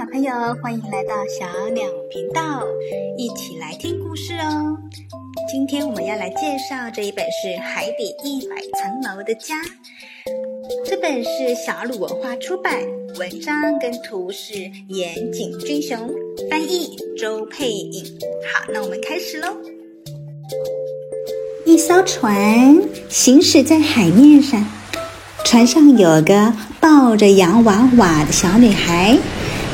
小朋友，歡迎來到小鳥頻道，一起來聽故事哦。今天我們要來介紹這一本是《海底一百層樓的家》，這本是小魯文化出版，文章跟圖是岩井俊雄，翻譯周佩穎。好，那我們開始嘍。一艘船行駛在海面上，船上有個抱着洋娃娃的小女孩。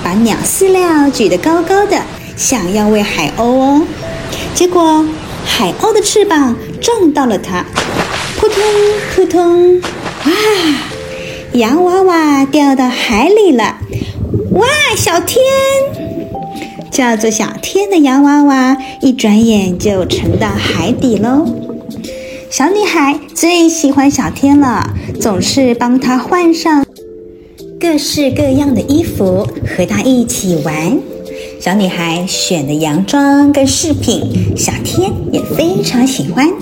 把鳥飼料舉得高高的，想要餵海鷗哦，結果海鷗的翅膀撞到了它，撲通撲通，哇，洋娃娃掉到海裡了，哇，小天，叫做小天的洋娃娃，一轉眼就沉到海底嘍。小女孩最喜歡小天了，總是幫她換上各式各樣的衣服和她一起玩，小女孩選的洋裝跟飾品，小天也非常喜歡。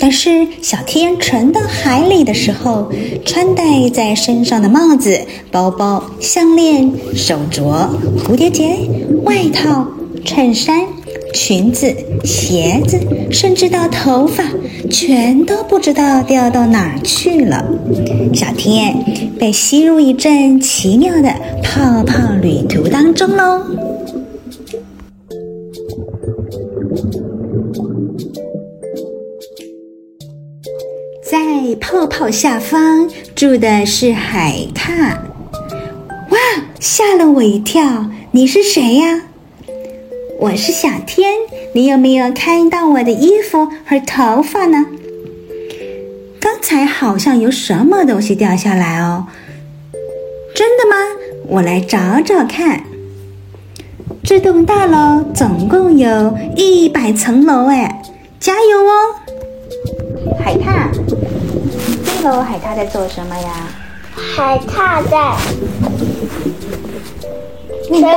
但是小天沉到海裡的時候，穿戴在身上的帽子、包包、項鏈、手鐲、蝴蝶結、外套、襯衫。裙子、鞋子，甚至到頭髮，全都不知道掉到哪去了。小天被吸入一陣奇妙的泡泡旅途當中嘍。在泡泡下方住的是海獺。哇，嚇了我一跳！你是誰呀、啊？我是小天，你有沒有看到我的衣服和頭髮呢？剛才好像有什麼東西掉下來哦，真的嗎？我來找找看。這棟大樓總共有一百層樓，哎，加油哦！海獺，這樓海獺在做什麼呀？海獺在。吹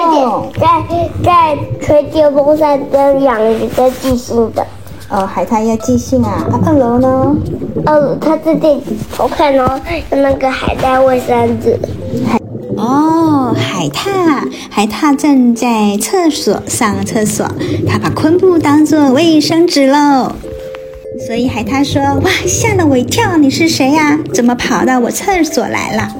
在在吹電風扇，跟養一個寄信的。哦，海獺要寄信啊。二樓呢？二樓他最近我看哦，用那個海帶衛生紙。哦，海獺海獺正在廁所上了廁所，他把昆布當做衛生紙嘍。所以海獺說：“哇，嚇了我一跳，你是誰呀，啊？怎麼跑到我廁所來了？”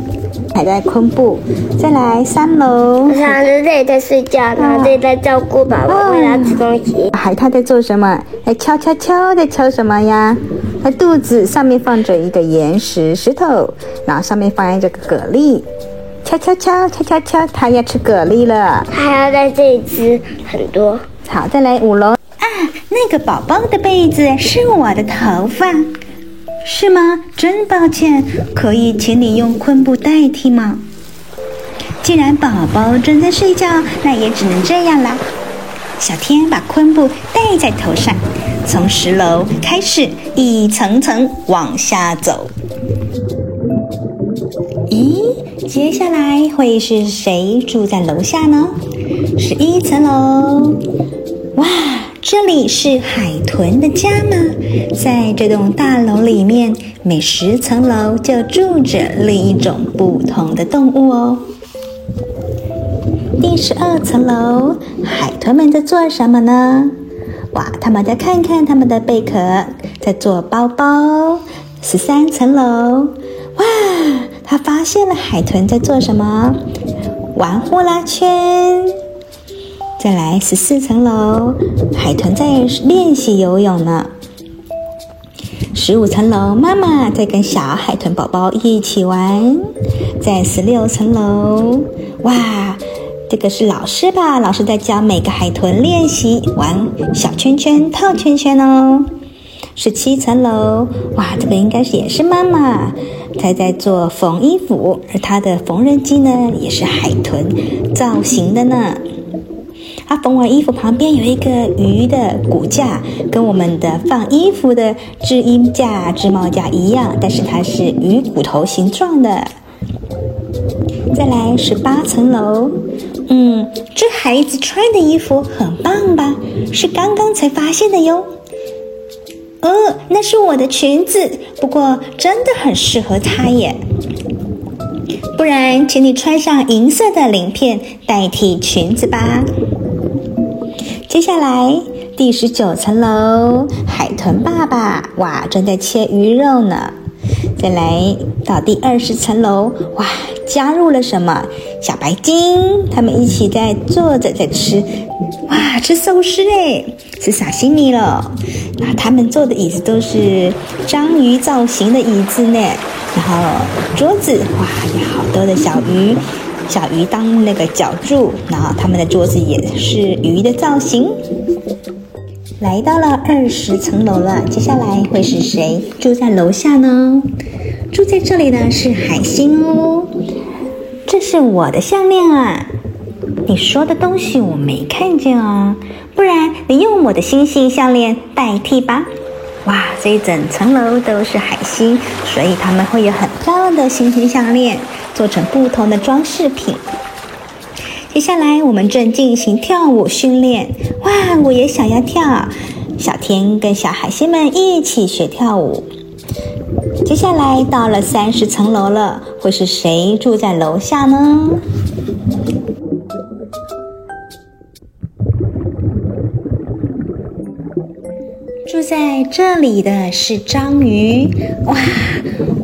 還在昆布，再來三樓。他在這裡在睡覺，然後在在照顧寶寶，喂、哦、他吃東西。海獺他在做什麼？在敲敲敲，在敲敲，在敲什麼呀？他肚子上面放着一個岩石石頭，然後上面放着個蛤蜊敲敲敲。敲敲敲，敲敲敲，他要吃蛤蜊了。他還要在這裡吃很多。好，再來五樓啊！那個寶寶的被子是我的頭髮。是嗎？真抱歉，可以請你用昆布代替嗎？既然寶寶正在睡覺，那也只能這樣啦。小天把昆布戴在頭上，從十樓開始一層層往下走。咦，接下來會是誰住在樓下呢？十一層樓，哇！這裡是海豚的家嗎？在這棟大樓裡面，每十層樓就住着另一種不同的動物哦。第十二層樓，海豚們在做什麼呢？哇，他們在看看他們的貝殼，在做包包。十三層樓，哇，他發現了海豚在做什麼？玩呼啦圈。再來十四層樓，海豚在練習游泳呢。十五層樓，媽媽在跟小海豚寶寶一起玩。在十六層樓，哇，這個是老師吧？老師在教每個海豚練習玩小圈圈套圈圈哦。十七層樓，哇，這個應該是也是媽媽，她在做縫衣服，而她的縫紉機呢，也是海豚造型的呢。他、啊、縫完衣服旁邊有一個魚的骨架，跟我們的放衣服的織衣架、織帽架一樣，但是它是魚骨頭形狀的。再來十八層樓，嗯，這孩子穿的衣服很棒吧？是剛剛才發現的喲。哦，那是我的裙子，不過真的很適合他耶。不然，請你穿上銀色的鱗片代替裙子吧。接下來第十九層樓，海豚爸爸哇，正在切魚肉呢。再來到第二十層樓，哇，加入了什麼小白鯨，他們一起在坐着在吃，哇吃壽司誒，吃沙西米咯。那他們坐的椅子都是章魚造型的椅子呢，然後桌子哇，有好多的小魚。小魚當那個腳柱，然後他們的桌子也是魚的造型。來到了二十層樓了，接下來會是誰住在樓下呢？住在這裡的是海星哦。這是我的項鏈啊！你說的東西我沒看見哦，不然你用我的星星項鏈代替吧。哇，這一整層樓都是海星，所以他們會有很漂亮的星星項鏈。做成不同的裝飾品。接下來，我們正進行跳舞訓練。哇，我也想要跳！小天跟小海星們一起學跳舞。接下來到了三十層樓了，會是誰住在樓下呢？住在這裡的是章魚。哇，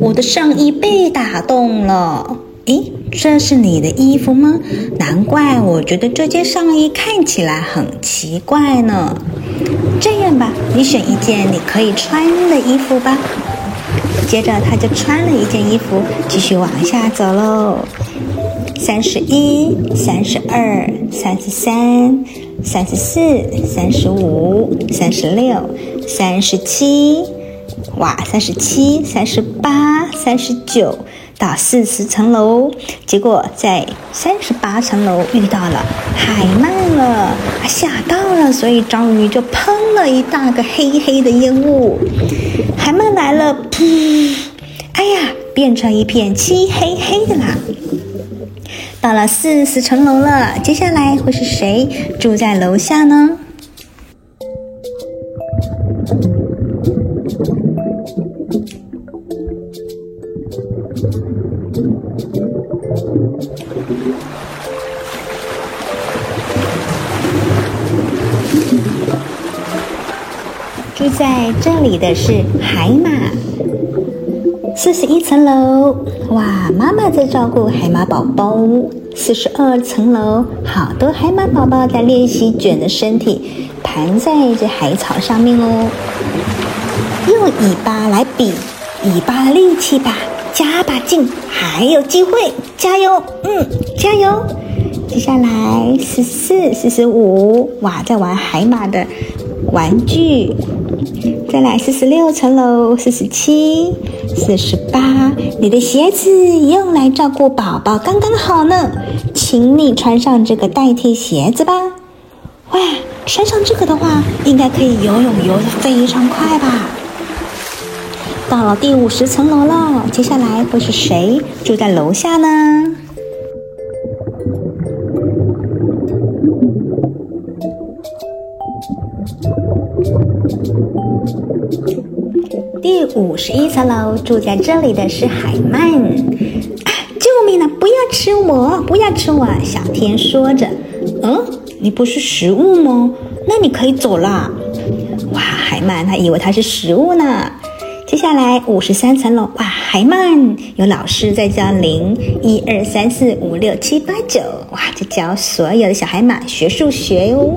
我的上衣被打洞了。咦，這是你的衣服嗎？難怪我覺得這件上衣看起來很奇怪呢。這樣吧，你選一件你可以穿的衣服吧。接着他就穿了一件衣服，繼續往下走嘍。三十一、三十二、三十三、三十四、三十五、三十六、三十七，哇，三十七、三十八、三十九。到四十層樓，結果在三十八層樓遇到了海鰻了，啊，嚇到了，所以章魚就噴了一大個黑黑的煙霧。海鰻來了，噗！哎呀，變成一片漆黑黑的啦。到了四十層樓了，接下來會是誰住在樓下呢？在這裡的是海馬，四十一層樓，哇，媽媽在照顧海馬寶寶。四十二層樓，好多海馬寶寶在練習捲的身體，盤在這海草上面嘍、哦。用尾巴來比尾巴的力氣吧，加把勁，還有機會，加油，嗯，加油。接下來四十四、四十五，哇，在玩海馬的。玩具，再來四十六層樓，四十七、四十八。你的鞋子用來照顧寶寶剛剛好呢，請你穿上這個代替鞋子吧。哇，穿上這個的話，應該可以游泳游得非常快吧？到了第五十層樓了，接下來會是誰住在樓下呢？第五十一層樓，住在這裡的是海鰻。救命啊，不要吃我！不要吃我！小天說着：“嗯，你不是食物嗎？那你可以走了。”哇，海鰻他以為他是食物呢。接下來五十三層樓，哇，海鰻有老師在教零一二三四五六七八九。哇，就教所有的小海馬學數學喲、哦。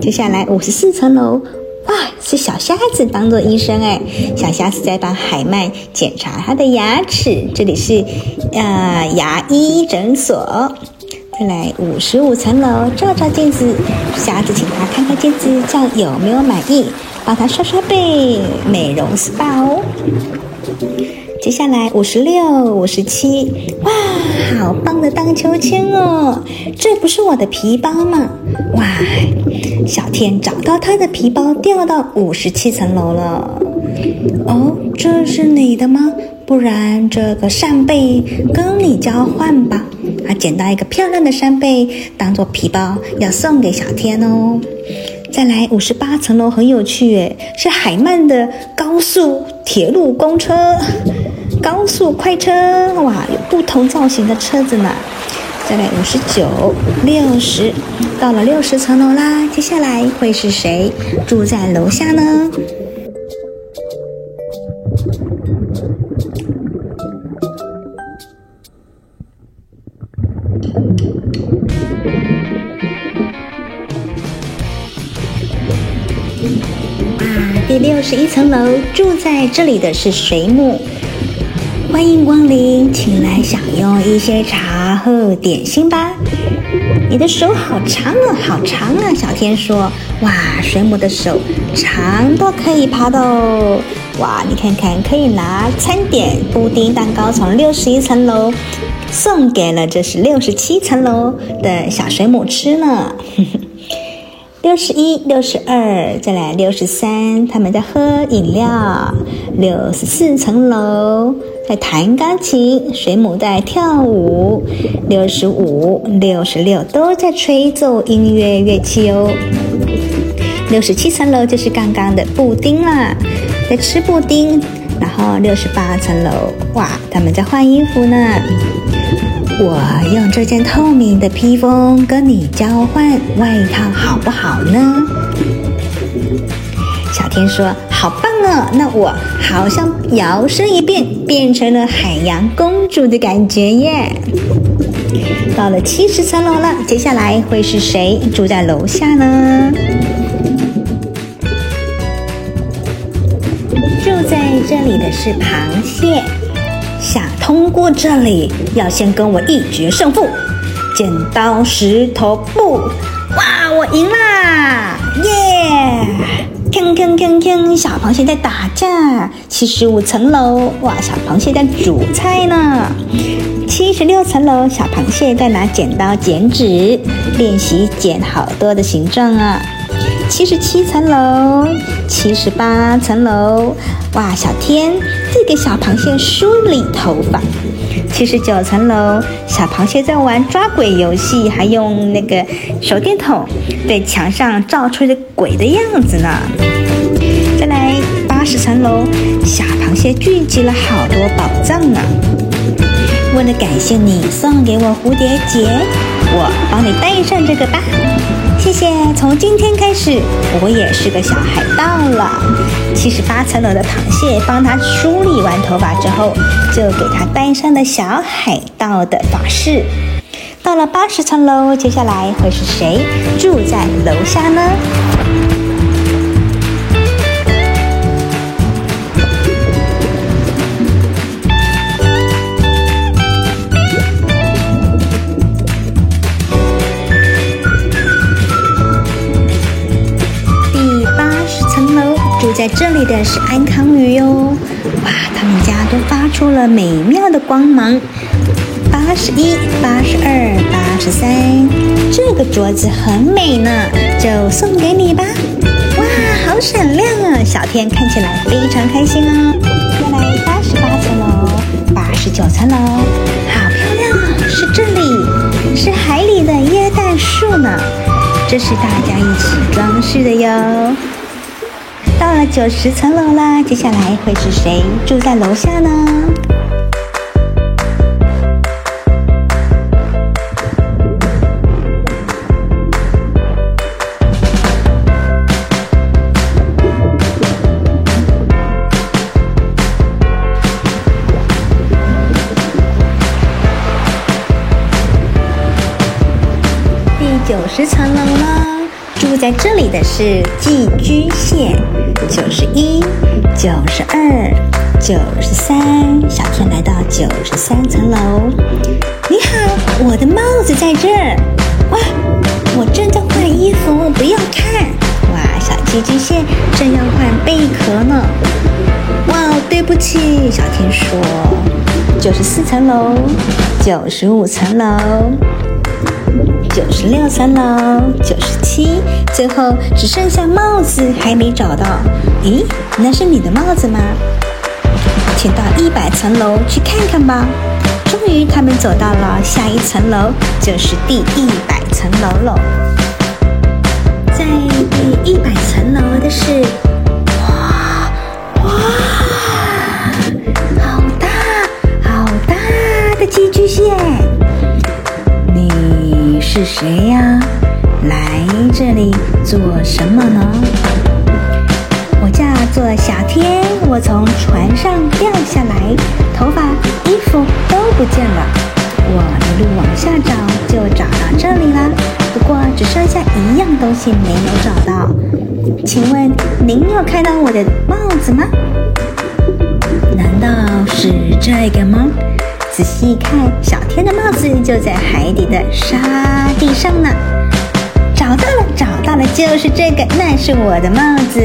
接下來五十四層樓。哇，是小蝦子當做醫生哎，小蝦子在幫海鰻檢查他的牙齒，這裡是，呃，牙醫診所。再來五十五層樓，照照鏡子，蝦子請他看看鏡子，這樣有沒有滿意，幫他刷刷背，美容 SPA 哦。接下來五十六、五十七，哇，好棒！盪秋千哦，這不是我的皮包嗎？哇，小天找到他的皮包掉到五十七層樓了。哦，這是你的嗎？不然這個扇貝跟你交換吧。啊，撿到一個漂亮的扇貝，當做皮包要送給小天哦。再來五十八層樓很有趣，誒，是海曼的高速鐵路公車。高速快車，哇，有不同造型的車子呢。再來五十九、六十，到了六十層樓啦。接下來會是誰住在樓下呢？哇，第六十一層樓住在這裡的是水母。歡迎光臨，請來享用一些茶和點心吧。你的手好長啊，好長啊！小天說：“哇，水母的手長到可以爬到、哦……哇，你看看，可以拿餐點、布丁、蛋糕從六十一層樓送給了這是六十七層樓的小水母吃呢。哼哼，六十一、六十二，再來六十三，他們在喝飲料。六十四層樓。”在彈鋼琴，水母在跳舞，六十五、六十六都在吹奏音樂樂器哦。六十七層樓就是剛剛的布丁啦，在吃布丁。然後六十八層樓，哇，他們在換衣服呢。我用這件透明的披風跟你交換外套，好不好呢？聽說好棒哦！那我好像搖身一變，變成了海洋公主的感覺耶。到了七十層樓了，接下來會是誰住在樓下呢？住在這裡的是螃蟹，想通過這裡要先跟我一決勝負，剪刀石頭布。哇，我贏啦！耶。吭吭吭吭！小螃蟹在打架。七十五層樓，哇！小螃蟹在煮菜呢。七十六層樓，小螃蟹在拿剪刀剪紙，練習剪好多的形狀啊。七十七層樓，七十八層樓，哇！小天在給、這個、小螃蟹梳理頭髮。七十九層樓，小螃蟹在玩抓鬼遊戲，還用那個手電筒在牆上照出了鬼的樣子呢。再來八十層樓，小螃蟹聚集了好多寶藏呢、啊。為了感謝你送給我蝴蝶結，我幫你戴上這個吧。謝謝，從今天開始，我也是個小海盜了。七十八層樓的螃蟹幫他梳理完頭髮之後，就給他戴上了小海盜的髮飾。到了八十層樓，接下來會是誰住在樓下呢？住在這裡的是安康魚喲，哇，他們家都發出了美妙的光芒。八十一、八十二、八十三，這個鐲子很美呢，就送給你吧。哇，好閃亮啊！小天看起來非常開心哦。再來八十八層樓，八十九層樓，好漂亮啊！是這裡，是海裡的耶誕樹呢，這是大家一起裝飾的喲。到九十層樓了，接下來會是誰住在樓下呢？在這裡的是寄居蟹，九十一、九十二、九十三，小天來到九十三層樓。你好，我的帽子在這兒。哇，我正在換衣服，不要看。哇，小寄居蟹正要換貝殼呢。哇，哦，對不起，小天說。九十四層樓，九十五層樓。九十六層樓，九十七，最後只剩下帽子還沒找到。咦，那是你的帽子嗎？請到一百層樓去看看吧。終於，他們走到了下一層樓，就是第一百層樓了。在第一百層樓的是，哇哇，好大好大的寄居蟹！是誰呀？來這裡做什麼呢？我叫做小天，我從船上掉下來，頭髮、衣服都不見了。我一路往下找，就找到這裡了。不過只剩下一樣東西沒有找到，請問您有看到我的帽子嗎？難道是這個嗎？仔細一看，小天的帽子就在海底的沙地上呢。找到了，找到了，就是這個，那是我的帽子。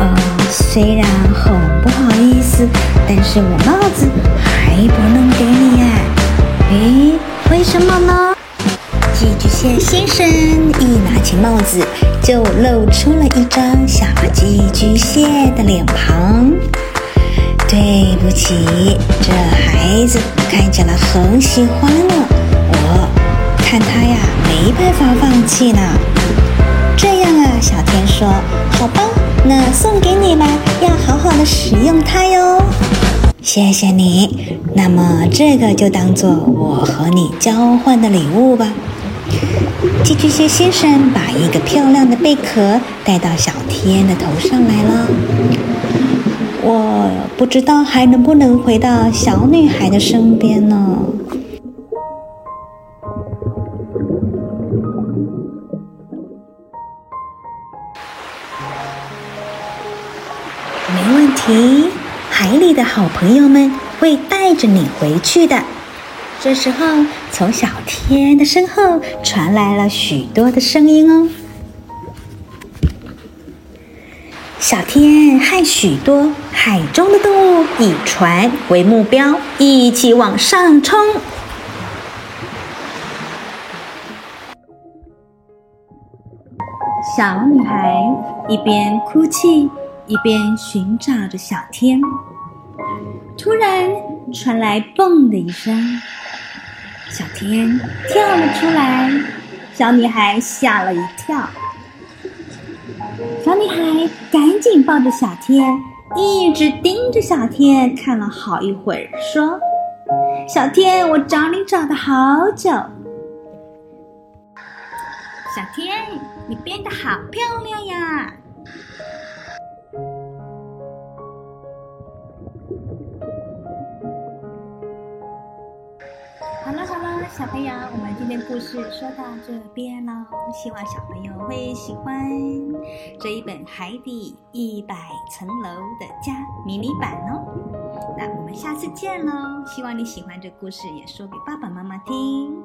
哦，雖然很不好意思，但是我帽子還不能給你呀。誒，為什麼呢？寄居蟹先生一拿起帽子，就露出了一張小寄居蟹的臉龐。對不起，這孩子看起來很喜歡呢。我看他呀，沒辦法放棄呢。這樣啊，小天說：“好吧，那送給你們，要好好的使用它喲。”謝謝你。那麼這個就當做我和你交換的禮物吧。寄居蟹先生把一個漂亮的貝殼帶到小天的頭上來了。不知道還能不能回到小女孩的身邊呢？沒問題，海裡的好朋友們會帶着你回去的。這時候，從小天的身後傳來了許多的聲音哦，小天害許多。海中的動物以船為目標，一起往上衝。小女孩一邊哭泣，一邊尋找着小天。突然傳來“蹦”的一聲，小天跳了出來，小女孩嚇了一跳。小女孩趕緊抱着小天。一直盯着小天看了好一會兒，說：“小天，我找你找了好久。小天，你變得好漂亮呀！”小朋友，我們今天故事說到這邊嘍，希望小朋友會喜歡這一本《海底一百層樓的家》迷你版哦。那我們下次見嘍，希望你喜歡這故事，也說給爸爸媽媽聽。